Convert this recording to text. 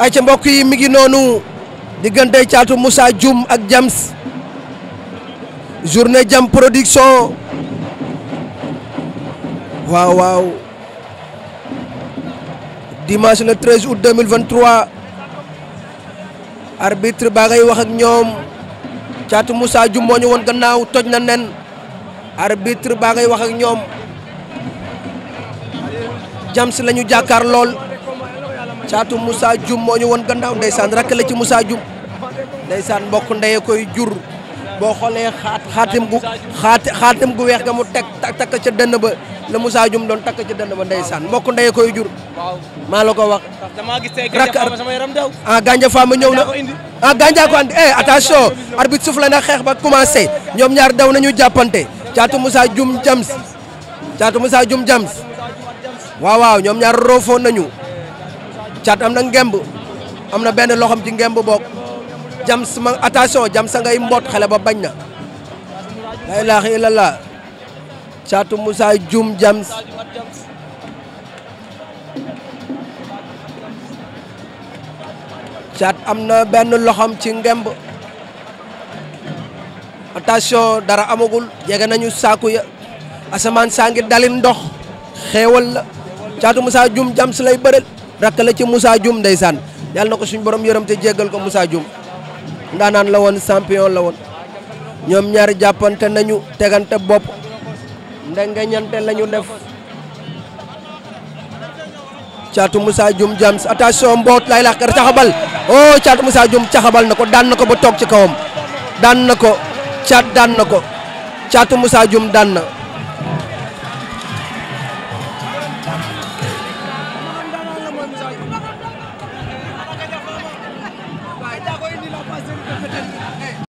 ay ca mbokk yi mi ngi noonu diggante caatu Moussa jum ak Jams journée Jam production waaw waaw dimanche le 13 août 2023 arbitre baa ngay wax ak ñoom caatu Moussa Dioum moo ñu woon gannaaw toj na nen arbitre baa ngay wax ak ñoom Jams lañu jàkkaar lool caatu Moussa Dioum moo ñu woon gannaaw ndeysaan rakk la ci Moussa Dioum ndeysaan mbokk ndeye koy jur boo xoolee xaat xaatim gu xaat xaatim gu weex ga mu teg takk ca dënn ba la Moussa Dioum doon takk ca dënn ba ndeysaan mbokk ndeye koy jur maa la ko wax rakk ah Gandia Fama ñëw na ah Gandia ko andi eh attention arbitre souffle na xeex ba commencé ñoom ñaar daw nañu jàppante caatu Moussa Dioum Jams caatu Moussa Dioum Jams waaw waaw ñoom ñaar roofoo nañu caat am na ngemb am na benn loxom ci ngemb boog jam sama attention jam sa ngay mboot xale ba bañ na la ilaha illallah caatu Moussa Dioum jams caat am na benn loxom ci ngemb attention dara amagul jege nañu saaku ya asamaan saa ngi dalin ndox xeewal la caatu Moussa Dioum jams lay bëreel rakk la ci Moussa Dioum ndeysaan yàlla na ko suñu borom yërëm te jéggal ko Moussa Dioum ndaanaan la woon champion la woon ñoom ñaar jàppante nañu tegante bopp ndengeñante la ñu def caatu Moussa Dioum James attention mboot lay lax kar caxabal oh caatu Moussa Dioum caxabal na ko daan na ko ba toog ci kawam daan na ko caat daan na ko caatu Moussa Dioum daan na